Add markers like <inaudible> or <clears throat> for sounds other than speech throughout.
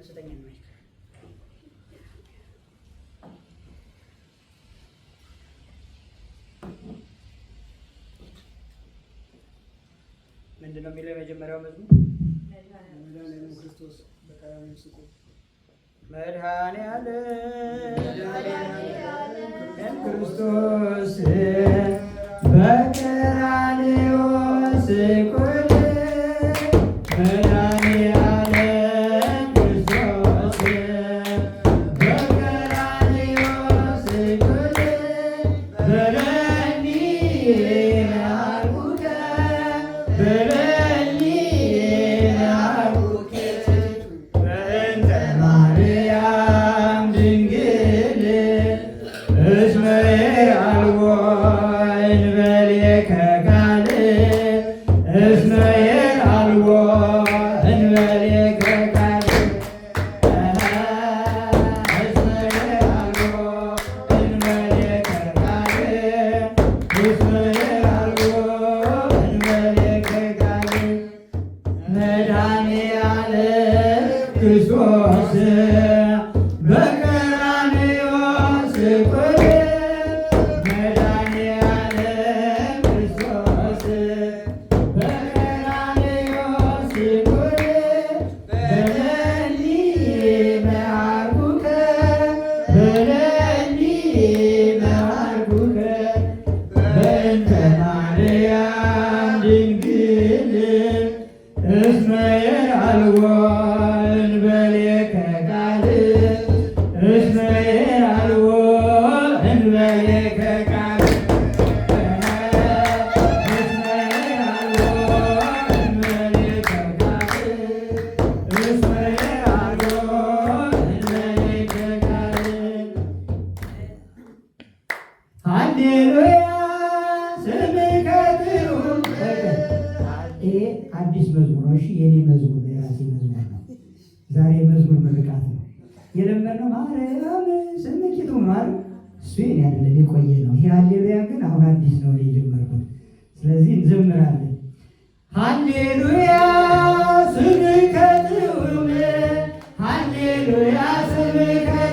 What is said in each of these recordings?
ይከራከራሉ። ሶስተኛ ነው ምንድን ነው የሚለው የመጀመሪያው መዝሙር ክርስቶስ በቀራንዮ ስቆ መድኃኔዓለም ክርስቶስ His my. እሺ የኔ መዝሙር የራሴ መዝሙር ነው። ዛሬ መዝሙር ምርቃት ነው የለመነው። ማርያም ስምኪቱ ማር እሱ የኔ አይደለም የቆየ ነው። ይሄ ሃሌሉያ ግን አሁን አዲስ ነው የጀመርኩት። ስለዚህ እንዘምራለን ሃሌሉያ ስብከት ሃሌሉያ ስብከት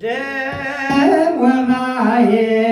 દેવનાયે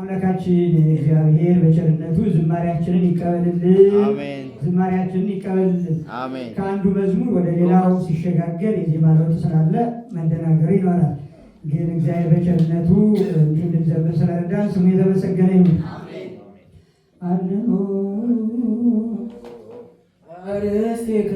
አምላካችን እግዚአብሔር በቸርነቱ ዝማሬያችንን ይቀበልልን። ዝማሬያችንን ይቀበልልን። ከአንዱ ወደ ሌላው ሲሸጋገር የዚህ ለውጥ ስላለ መደናገር ይኖራል። ግን እግዚአብሔር በቸርነቱ እንድንዘምር ስለረዳን ስሙ የተመሰገነ ይሁን። አለሁ አርስቴከ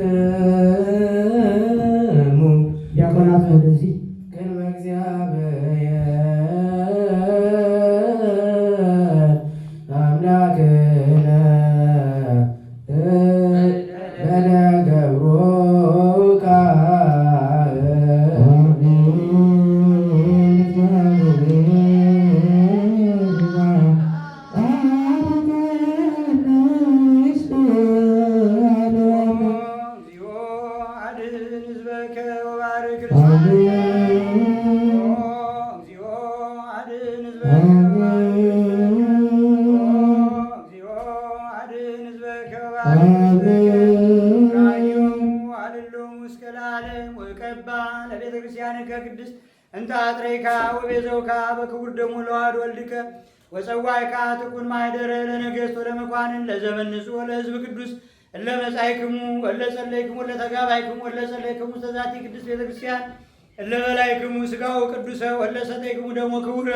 ከአብ ክቡር ደሙ ለዋድ ወልድከ ወፀዋይ ካ ትኩን ማይደረ ለነገሥት ወለመኳንን ለዘመን ንጹሕ ለህዝብ ቅዱስ እለ መጻይክሙ እለ ጸለይክሙ እለ ተጋባይክሙ እለ ጸለይክሙ ተዛቲ ቅዱስ ቤተክርስቲያን ክርስቲያን እለ በላይክሙ ቅዱሰ ወለ ሰጠይክሙ ደሞ ክቡረ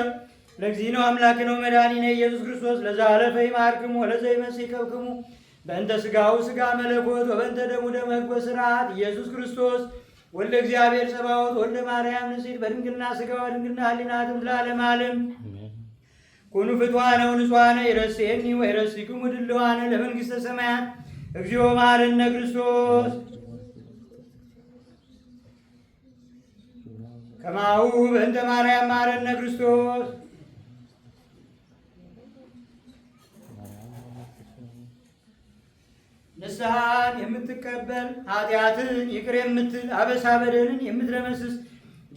ለእግዚእነ አምላክነ መድኃኒነ ኢየሱስ ክርስቶስ ለዘአለፈ ይማርክሙ ወለዘ ይመጽእ ይከብክሙ በእንተ ስጋው ስጋ መለኮት ወበእንተ ደሙ ደመ ህጎ ስርዓት ኢየሱስ ክርስቶስ ወልደ እግዚአብሔር ጸባዖት ወልደ ማርያም ንጽሕት በድንግልና ሥጋ በድንግልና ሕሊናትም ለዓለመ ዓለም ኩኑ ፍትዋነ ወንጹሐነ ይረሴኒ ወይረሴክሙ ድልዋነ ለመንግሥተ ሰማያት እግዚኦ መሐረነ ክርስቶስ ከማሁ በእንተ ማርያም መሐረነ ክርስቶስ ንስሐን የምትቀበል ኃጢአትን ይቅር የምትል አበሳ በደልን የምትደመስስ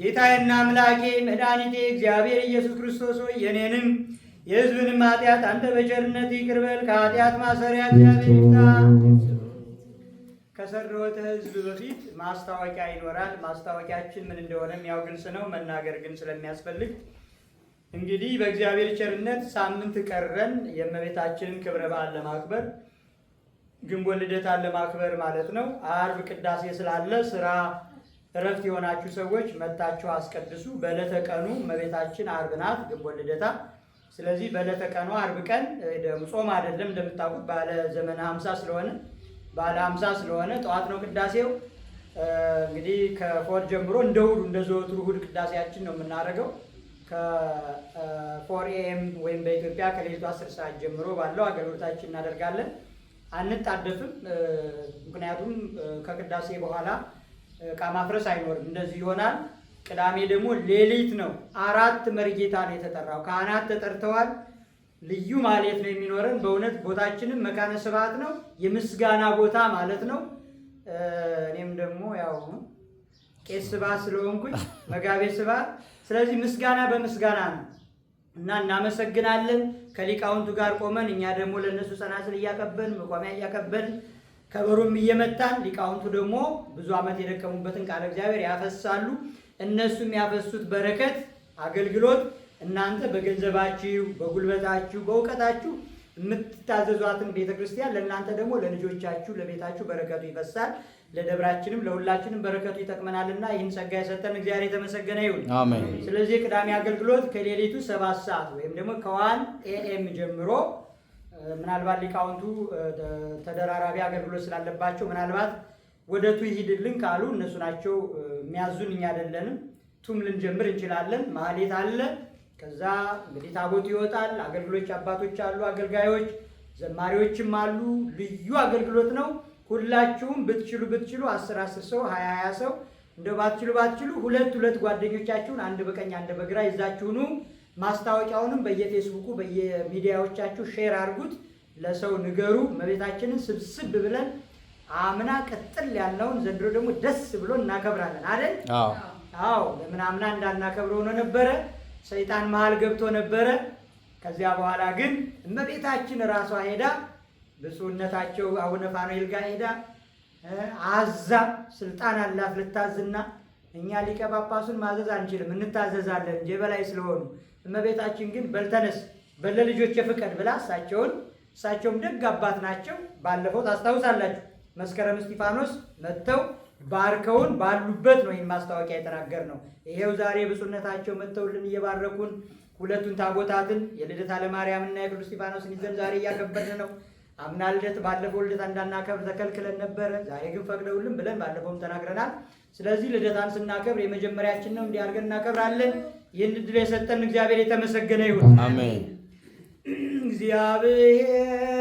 ጌታዬና አምላኬ መድኃኒቴ እግዚአብሔር ኢየሱስ ክርስቶስ ሆይ የኔንም የሕዝብንም ኃጢአት አንተ በቸርነት ይቅር በል። ከኃጢአት ማሰሪያ እግዚአብሔር ይፍታ። ከሰረወተ ሕዝብ በፊት ማስታወቂያ ይኖራል። ማስታወቂያችን ምን እንደሆነም ያው ግልጽ ነው፣ መናገር ግን ስለሚያስፈልግ እንግዲህ በእግዚአብሔር ቸርነት ሳምንት ቀረን የእመቤታችንን ክብረ በዓል ለማክበር ግንቦት ልደታን ለማክበር ማለት ነው። አርብ ቅዳሴ ስላለ ስራ እረፍት የሆናችሁ ሰዎች መታችሁ አስቀድሱ። በዕለተ ቀኑ እመቤታችን አርብ ናት፣ ግንቦት ልደታ። ስለዚህ በዕለተ ቀኑ አርብ ቀን ጾም አይደለም እንደምታውቁት፣ ባለ ዘመነ ሀምሳ ስለሆነ ባለ ሀምሳ ስለሆነ ጠዋት ነው ቅዳሴው። እንግዲህ ከፎር ጀምሮ እንደ እሑድ እንደ ዘወትሩ እሑድ ቅዳሴያችን ነው የምናደርገው ከፎር ኤም ወይም በኢትዮጵያ ከሌሊቱ አስር ሰዓት ጀምሮ ባለው አገልግሎታችን እናደርጋለን። አንጣደፍም። ምክንያቱም ከቅዳሴ በኋላ እቃ ማፍረስ አይኖርም። እንደዚህ ይሆናል። ቅዳሜ ደግሞ ሌሊት ነው። አራት መርጌታ ነው የተጠራው። ካህናት ተጠርተዋል። ልዩ ማሌት ነው የሚኖረን። በእውነት ቦታችንም መካነ ስብሐት ነው፣ የምስጋና ቦታ ማለት ነው። እኔም ደግሞ ያው ቄስ ስብሐት ስለሆንኩኝ መጋቤ ስብሐት፣ ስለዚህ ምስጋና በምስጋና ነው። እና እናመሰግናለን። ከሊቃውንቱ ጋር ቆመን እኛ ደግሞ ለእነሱ ጸናጽል እያቀበልን መቋሚያ እያቀበልን ከበሮም እየመታን ሊቃውንቱ ደግሞ ብዙ ዓመት የደከሙበትን ቃለ እግዚአብሔር ያፈሳሉ። እነሱም ያፈሱት በረከት አገልግሎት እናንተ በገንዘባችሁ፣ በጉልበታችሁ፣ በእውቀታችሁ የምትታዘዟትን ቤተክርስቲያን ለእናንተ ደግሞ ለልጆቻችሁ፣ ለቤታችሁ በረከቱ ይፈሳል። ለደብራችንም ለሁላችንም በረከቱ ይጠቅመናልና ይህን ጸጋ የሰጠን እግዚአብሔር የተመሰገነ ይሁን። አሜን። ስለዚህ የቅዳሜ አገልግሎት ከሌሊቱ ሰባት ሰዓት ወይም ደግሞ ከዋን ኤኤም ጀምሮ ምናልባት ሊቃውንቱ ተደራራቢ አገልግሎት ስላለባቸው ምናልባት ወደቱ ይሂድልን ካሉ እነሱ ናቸው የሚያዙን፣ እኛ አይደለንም። ቱም ልንጀምር እንችላለን። ማህሌት አለ። ከዛ እንግዲህ ታቦቱ ይወጣል። አገልግሎች አባቶች አሉ፣ አገልጋዮች ዘማሪዎችም አሉ። ልዩ አገልግሎት ነው። ሁላችሁም ብትችሉ ብትችሉ አስር አስር ሰው ሀያ ሀያ ሰው እንደ ባትችሉ ባትችሉ ሁለት ሁለት ጓደኞቻችሁን አንድ በቀኝ አንድ በግራ ይዛችሁኑ ማስታወቂያውንም በየፌስቡኩ በየሚዲያዎቻችሁ ሼር አድርጉት፣ ለሰው ንገሩ። እመቤታችንን ስብስብ ብለን አምና ቀጥል ያለውን ዘንድሮ ደግሞ ደስ ብሎ እናከብራለን አይደል? አዎ። ለምን አምና እንዳናከብረ ሆኖ ነበረ፣ ሰይጣን መሀል ገብቶ ነበረ። ከዚያ በኋላ ግን እመቤታችን ራሷ ሄዳ ብፁዕነታቸው አቡነ ፋኑኤል ጋር ሄዳ አዛ ስልጣን አላት ልታዝና እኛ ሊቀ ጳጳሱን ማዘዝ አንችልም፣ እንታዘዛለን እንጂ በላይ ስለሆኑ። እመቤታችን ግን በልተነስ በለልጆች የፍቀድ ብላ እሳቸውን እሳቸውም ደግ አባት ናቸው። ባለፈው ታስታውሳላችሁ መስከረም እስጢፋኖስ መጥተው ባርከውን ባሉበት ነው ይህን ማስታወቂያ የተናገር ነው። ይሄው ዛሬ ብፁዕነታቸው መጥተውልን እየባረኩን ሁለቱን ታቦታትን የልደታ ለማርያምና የቅዱስ እስጢፋኖስን ይዘን ዛሬ እያከበርን ነው። አምና ልደት ባለፈው ልደት እንዳናከብር ተከልክለን ነበረ። ዛሬ ግን ፈቅደውልን ብለን ባለፈውም ተናግረናል። ስለዚህ ልደታን ስናከብር የመጀመሪያችን ነው፣ እንዲህ አድርገን እናከብራለን። ይህን ድል የሰጠን እግዚአብሔር የተመሰገነ ይሁን። አሜን። <clears throat> እግዚአብሔር